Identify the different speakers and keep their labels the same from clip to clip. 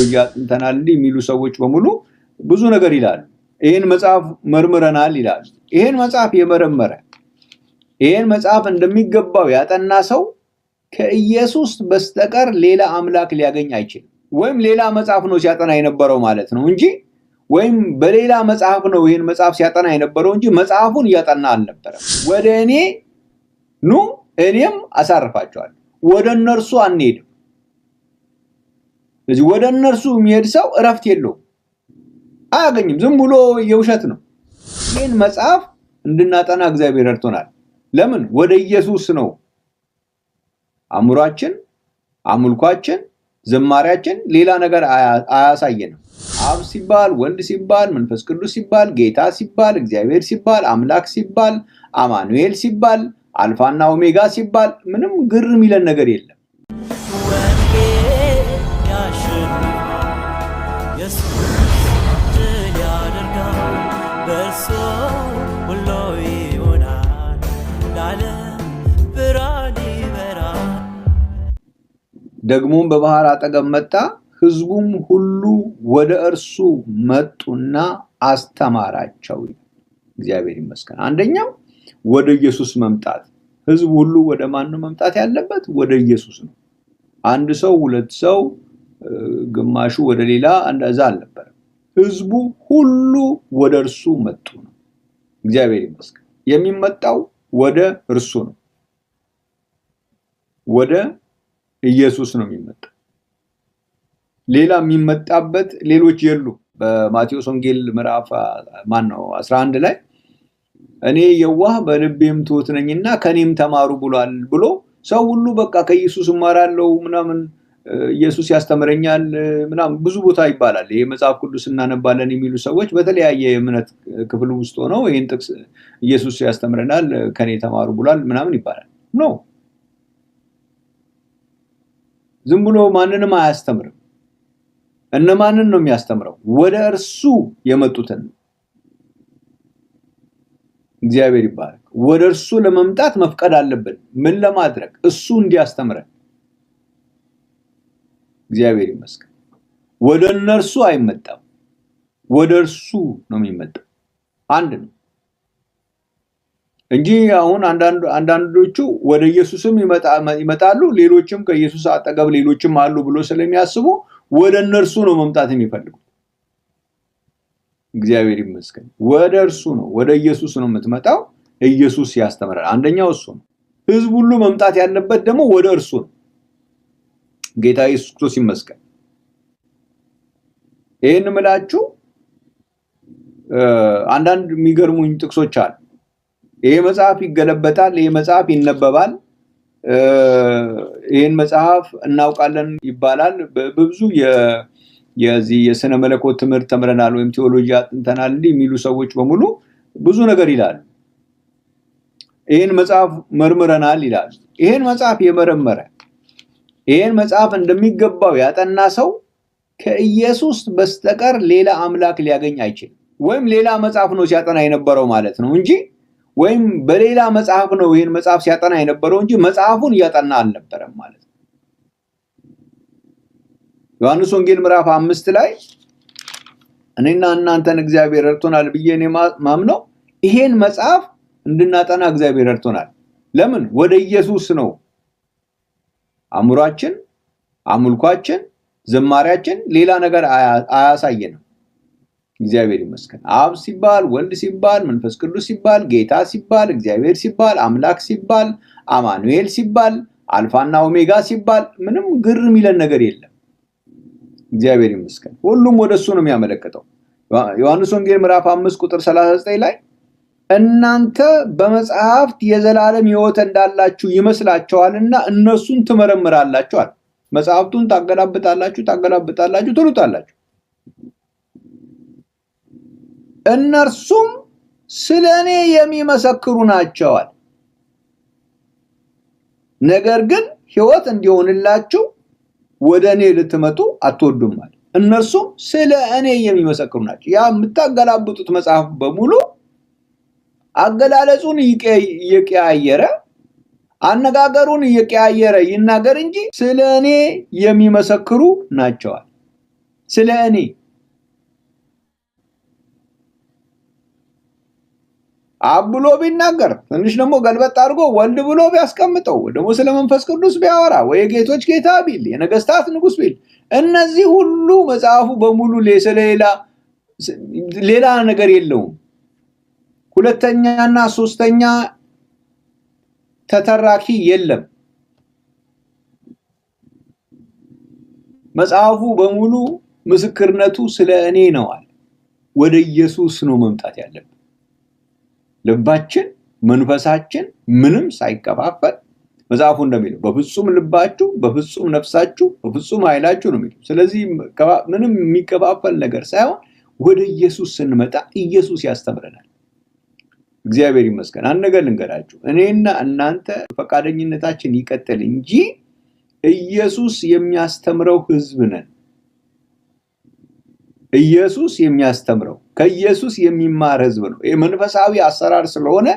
Speaker 1: ቴክኖሎጂ አጥንተናል የሚሉ ሰዎች በሙሉ ብዙ ነገር ይላሉ። ይህን መጽሐፍ መርምረናል ይላሉ። ይህን መጽሐፍ የመረመረ ይህን መጽሐፍ እንደሚገባው ያጠና ሰው ከኢየሱስ በስተቀር ሌላ አምላክ ሊያገኝ አይችልም። ወይም ሌላ መጽሐፍ ነው ሲያጠና የነበረው ማለት ነው እንጂ ወይም በሌላ መጽሐፍ ነው ይህን መጽሐፍ ሲያጠና የነበረው እንጂ መጽሐፉን እያጠና አልነበረም። ወደ እኔ ኑ እኔም አሳርፋቸዋለሁ፣ ወደ እነርሱ አንሄድም ስለዚህ ወደ እነርሱ የሚሄድ ሰው እረፍት የለውም፣ አያገኝም። ዝም ብሎ የውሸት ነው። ይህን መጽሐፍ እንድናጠና እግዚአብሔር ረድቶናል። ለምን? ወደ ኢየሱስ ነው አእምሯችን፣ አምልኳችን፣ ዝማሪያችን ሌላ ነገር አያሳየንም። አብ ሲባል፣ ወልድ ሲባል፣ መንፈስ ቅዱስ ሲባል፣ ጌታ ሲባል፣ እግዚአብሔር ሲባል፣ አምላክ ሲባል፣ አማኑኤል ሲባል፣ አልፋና ኦሜጋ ሲባል ምንም ግር የሚለን ነገር የለም። ደግሞም በባህር አጠገብ መጣ። ህዝቡም ሁሉ ወደ እርሱ መጡና አስተማራቸው። እግዚአብሔር ይመስገን። አንደኛው ወደ ኢየሱስ መምጣት። ህዝቡ ሁሉ ወደ ማን መምጣት ያለበት? ወደ ኢየሱስ ነው። አንድ ሰው፣ ሁለት ሰው፣ ግማሹ ወደ ሌላ እንደዛ አልነበረም። ህዝቡ ሁሉ ወደ እርሱ መጡ ነው። እግዚአብሔር ይመስገን። የሚመጣው ወደ እርሱ ነው። ወደ ኢየሱስ ነው የሚመጣ። ሌላ የሚመጣበት ሌሎች የሉ። በማቴዎስ ወንጌል ምዕራፍ ማን ነው 11 ላይ እኔ የዋህ በልቤም ትሑት ነኝና ከኔም ተማሩ ብሏል ብሎ ሰው ሁሉ በቃ ከኢየሱስ እማራለሁ ምናምን ኢየሱስ ያስተምረኛል ምናምን ብዙ ቦታ ይባላል። ይህ መጽሐፍ ቅዱስ እናነባለን የሚሉ ሰዎች በተለያየ የእምነት ክፍል ውስጥ ሆነው ይህን ጥቅስ ኢየሱስ ያስተምረናል ከኔ ተማሩ ብሏል ምናምን ይባላል ነው ዝም ብሎ ማንንም አያስተምርም። እነማንን ነው የሚያስተምረው? ወደ እርሱ የመጡትን ነው። እግዚአብሔር ይባረክ። ወደ እርሱ ለመምጣት መፍቀድ አለብን። ምን ለማድረግ? እሱ እንዲያስተምረን። እግዚአብሔር ይመስገን። ወደ እነርሱ አይመጣም፣ ወደ እርሱ ነው የሚመጣው። አንድ ነው። እንጂ አሁን አንዳንዶቹ ወደ ኢየሱስም ይመጣሉ፣ ሌሎችም ከኢየሱስ አጠገብ ሌሎችም አሉ ብሎ ስለሚያስቡ ወደ እነርሱ ነው መምጣት የሚፈልጉት። እግዚአብሔር ይመስገን፣ ወደ እርሱ ነው ወደ ኢየሱስ ነው የምትመጣው። ኢየሱስ ያስተምራል። አንደኛው እሱ ነው። ህዝብ ሁሉ መምጣት ያለበት ደግሞ ወደ እርሱ ነው። ጌታ ኢየሱስ ክርስቶስ ይመስገን። ይህን ምላችሁ አንዳንድ የሚገርሙኝ ጥቅሶች አሉ። ይሄ መጽሐፍ ይገለበጣል፣ ይሄ መጽሐፍ ይነበባል፣ ይህን መጽሐፍ እናውቃለን ይባላል። በብዙ የዚህ የስነ መለኮት ትምህርት ተምረናል ወይም ቴዎሎጂ አጥንተናል እንዲህ የሚሉ ሰዎች በሙሉ ብዙ ነገር ይላሉ። ይህን መጽሐፍ መርምረናል ይላሉ። ይህን መጽሐፍ የመረመረ ይህን መጽሐፍ እንደሚገባው ያጠና ሰው ከኢየሱስ በስተቀር ሌላ አምላክ ሊያገኝ አይችልም። ወይም ሌላ መጽሐፍ ነው ሲያጠና የነበረው ማለት ነው እንጂ ወይም በሌላ መጽሐፍ ነው ይህን መጽሐፍ ሲያጠና የነበረው እንጂ መጽሐፉን እያጠና አልነበረም ማለት ነው። ዮሐንስ ወንጌል ምዕራፍ አምስት ላይ እኔና እናንተን እግዚአብሔር እርቶናል ብዬ እኔ ማምነው ይሄን መጽሐፍ እንድናጠና እግዚአብሔር እርቶናል። ለምን? ወደ ኢየሱስ ነው አእምሯችን፣ አምልኳችን፣ ዝማሪያችን ሌላ ነገር አያሳየንም። እግዚአብሔር ይመስገን። አብ ሲባል፣ ወልድ ሲባል፣ መንፈስ ቅዱስ ሲባል፣ ጌታ ሲባል፣ እግዚአብሔር ሲባል፣ አምላክ ሲባል፣ አማኑኤል ሲባል፣ አልፋና ኦሜጋ ሲባል ምንም ግር የሚለን ነገር የለም። እግዚአብሔር ይመስገን። ሁሉም ወደ እሱ ነው የሚያመለክተው። ዮሐንስ ወንጌል ምዕራፍ አምስት ቁጥር 39 ላይ እናንተ በመጽሐፍት የዘላለም ሕይወት እንዳላችሁ ይመስላችኋልና እነሱን ትመረምራላችኋል። መጽሐፍቱን ታገላብጣላችሁ ታገላብጣላችሁ ትሉታላችሁ እነርሱም ስለ እኔ የሚመሰክሩ ናቸዋል። ነገር ግን ህይወት እንዲሆንላችሁ ወደ እኔ ልትመጡ አትወዱማል። እነርሱም ስለ እኔ የሚመሰክሩ ናቸው። ያ የምታገላብጡት መጽሐፍ በሙሉ አገላለጹን እየቀያየረ አነጋገሩን እየቀያየረ ይናገር እንጂ ስለ እኔ የሚመሰክሩ ናቸዋል። ስለ እኔ አብ ብሎ ቢናገር ትንሽ ደግሞ ገልበጥ አድርጎ ወልድ ብሎ ቢያስቀምጠው ደግሞ ስለ መንፈስ ቅዱስ ቢያወራ ወይ የጌቶች ጌታ ቢል የነገስታት ንጉስ ቢል እነዚህ ሁሉ መጽሐፉ በሙሉ ስለሌላ ሌላ ነገር የለውም። ሁለተኛና ሶስተኛ ተተራኪ የለም። መጽሐፉ በሙሉ ምስክርነቱ ስለ እኔ ነዋል። ወደ ኢየሱስ ነው መምጣት ያለብን። ልባችን መንፈሳችን ምንም ሳይቀፋፈል መጽሐፉ እንደሚለው በፍጹም ልባችሁ በፍጹም ነፍሳችሁ በፍጹም ኃይላችሁ ነው የሚለው። ስለዚህ ምንም የሚቀፋፈል ነገር ሳይሆን ወደ ኢየሱስ ስንመጣ ኢየሱስ ያስተምረናል። እግዚአብሔር ይመስገን። አንድ ነገር ልንገራችሁ፣ እኔና እናንተ ፈቃደኝነታችን ይቀጥል እንጂ ኢየሱስ የሚያስተምረው ህዝብ ነን። ኢየሱስ የሚያስተምረው ከኢየሱስ የሚማር ህዝብ ነው። መንፈሳዊ አሰራር ስለሆነ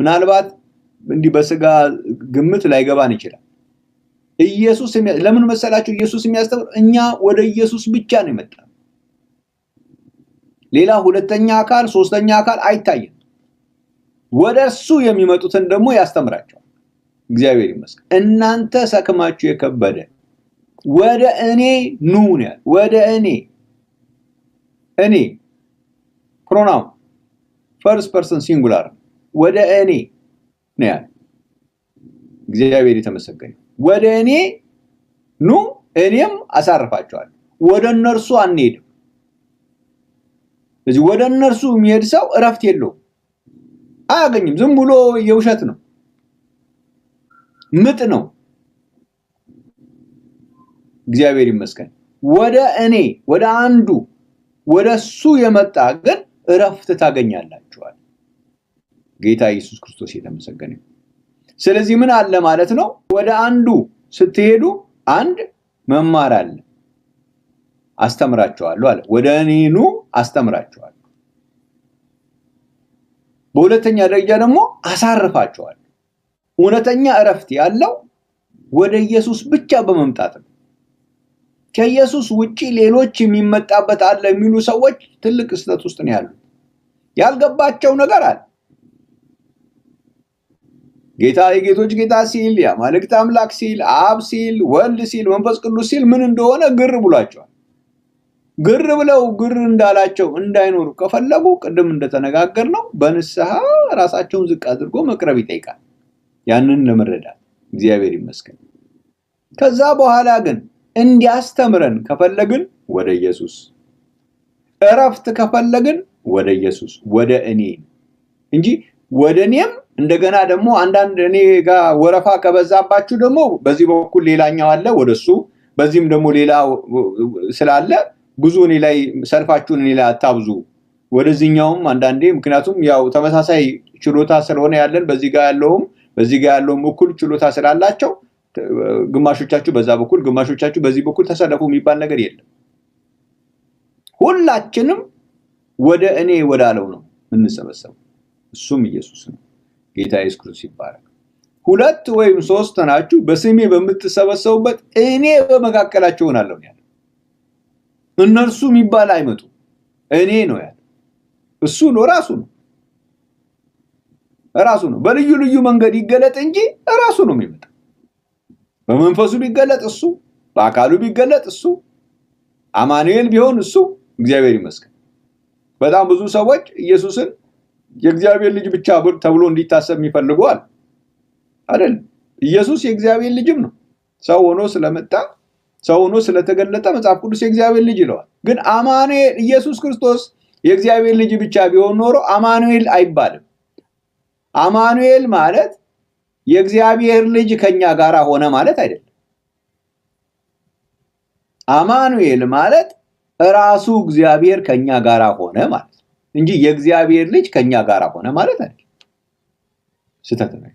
Speaker 1: ምናልባት እንዲህ በስጋ ግምት ላይገባን ይችላል። ኢየሱስ ለምን መሰላችሁ? ኢየሱስ የሚያስተምር እኛ ወደ ኢየሱስ ብቻ ነው የመጣ ሌላ ሁለተኛ አካል ሶስተኛ አካል አይታይም። ወደ እሱ የሚመጡትን ደግሞ ያስተምራቸዋል። እግዚአብሔር ይመስገን። እናንተ ሰክማችሁ የከበደ ወደ እኔ ኑ ወደ እኔ እኔ ፕሮናውን ፈርስት ፐርሰን ሲንጉላር ወደ እኔ ነው ያለ። እግዚአብሔር የተመሰገነ ወደ እኔ ኑ እኔም አሳርፋቸዋል። ወደ እነርሱ አንሄድም። ስለዚህ ወደ እነርሱ የሚሄድ ሰው እረፍት የለውም፣ አያገኝም። ዝም ብሎ የውሸት ነው፣ ምጥ ነው። እግዚአብሔር ይመስገን። ወደ እኔ ወደ አንዱ ወደ እሱ የመጣ ግን እረፍት ታገኛላችኋል። ጌታ ኢየሱስ ክርስቶስ የተመሰገነ። ስለዚህ ምን አለ ማለት ነው? ወደ አንዱ ስትሄዱ አንድ መማር አለ። አስተምራቸዋለሁ አለ። ወደ እኔኑ ኑ በሁለተኛ ደረጃ ደግሞ አሳርፋቸዋል እውነተኛ እረፍት ያለው ወደ ኢየሱስ ብቻ በመምጣት ነው። ከኢየሱስ ውጪ ሌሎች የሚመጣበት አለ የሚሉ ሰዎች ትልቅ ስህተት ውስጥ ነው ያሉት። ያልገባቸው ነገር አለ። ጌታ የጌቶች ጌታ ሲል፣ የአማልክት አምላክ ሲል፣ አብ ሲል፣ ወልድ ሲል፣ መንፈስ ቅዱስ ሲል ምን እንደሆነ ግር ብሏቸዋል። ግር ብለው ግር እንዳላቸው እንዳይኖሩ ከፈለጉ ቅድም እንደተነጋገር ነው በንስሐ ራሳቸውን ዝቅ አድርጎ መቅረብ ይጠይቃል። ያንን ለመረዳት እግዚአብሔር ይመስገን። ከዛ በኋላ ግን እንዲያስተምረን ከፈለግን ወደ ኢየሱስ፣ እረፍት ከፈለግን ወደ ኢየሱስ ወደ እኔ እንጂ ወደ እኔም እንደገና ደግሞ አንዳንድ እኔ ጋር ወረፋ ከበዛባችሁ ደግሞ በዚህ በኩል ሌላኛው አለ እሱ፣ በዚህም ደግሞ ሌላ ስላለ ብዙ እኔ ላይ ሰልፋችሁን እኔ ላይ አታብዙ ወደዚህኛውም አንዳንዴ ምክንያቱም ያው ተመሳሳይ ችሎታ ስለሆነ ያለን በዚህ ጋር ያለውም በዚህ ጋር ያለውም እኩል ችሎታ ስላላቸው ግማሾቻችሁ በዛ በኩል ግማሾቻችሁ በዚህ በኩል ተሰለፉ የሚባል ነገር የለም። ሁላችንም ወደ እኔ ወዳለው ነው የምንሰበሰቡ። እሱም ኢየሱስ ነው። ጌታ ኢየሱስ ክርስቶስ ይባላል። ሁለት ወይም ሶስት ናችሁ በስሜ በምትሰበሰቡበት እኔ በመካከላቸው እሆናለሁ ያለ። እነርሱ የሚባል አይመጡ እኔ ነው ያለ። እሱ ነው ራሱ ነው ራሱ ነው። በልዩ ልዩ መንገድ ይገለጥ እንጂ ራሱ ነው የሚመጣ በመንፈሱ ቢገለጥ እሱ፣ በአካሉ ቢገለጥ እሱ፣ አማኑኤል ቢሆን እሱ። እግዚአብሔር ይመስገን። በጣም ብዙ ሰዎች ኢየሱስን የእግዚአብሔር ልጅ ብቻ ተብሎ እንዲታሰብ የሚፈልጉ አለ። አይደለም ኢየሱስ የእግዚአብሔር ልጅም ነው። ሰው ሆኖ ስለመጣ ሰው ሆኖ ስለተገለጠ መጽሐፍ ቅዱስ የእግዚአብሔር ልጅ ይለዋል። ግን አማኑኤል ኢየሱስ ክርስቶስ የእግዚአብሔር ልጅ ብቻ ቢሆን ኖሮ አማኑኤል አይባልም። አማኑኤል ማለት የእግዚአብሔር ልጅ ከኛ ጋር ሆነ ማለት አይደለም። አማኑኤል ማለት ራሱ እግዚአብሔር ከኛ ጋር ሆነ ማለት ነው እንጂ የእግዚአብሔር ልጅ ከኛ ጋር ሆነ ማለት አይደለም። ስህተት ነው።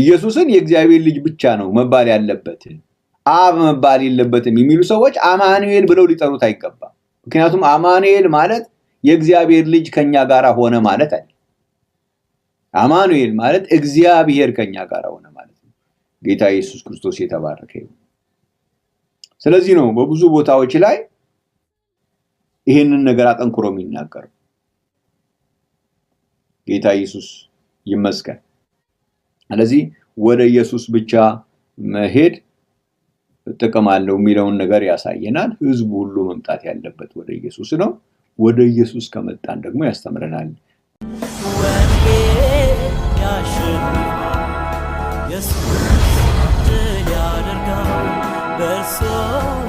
Speaker 1: ኢየሱስን የእግዚአብሔር ልጅ ብቻ ነው መባል ያለበት አብ መባል የለበትም የሚሉ ሰዎች አማኑኤል ብለው ሊጠሩት አይገባም። ምክንያቱም አማኑኤል ማለት የእግዚአብሔር ልጅ ከኛ ጋር ሆነ ማለት አይደለም። አማኑኤል ማለት እግዚአብሔር ከኛ ጋር ሆነ ማለት ነው። ጌታ ኢየሱስ ክርስቶስ የተባረከ ይሁን። ስለዚህ ነው በብዙ ቦታዎች ላይ ይህንን ነገር አጠንክሮ የሚናገረው። ጌታ ኢየሱስ ይመስገን። ስለዚህ ወደ ኢየሱስ ብቻ መሄድ ጥቅም አለው የሚለውን ነገር ያሳየናል። ህዝቡ ሁሉ መምጣት ያለበት ወደ ኢየሱስ ነው። ወደ ኢየሱስ ከመጣን ደግሞ ያስተምረናል። 锁。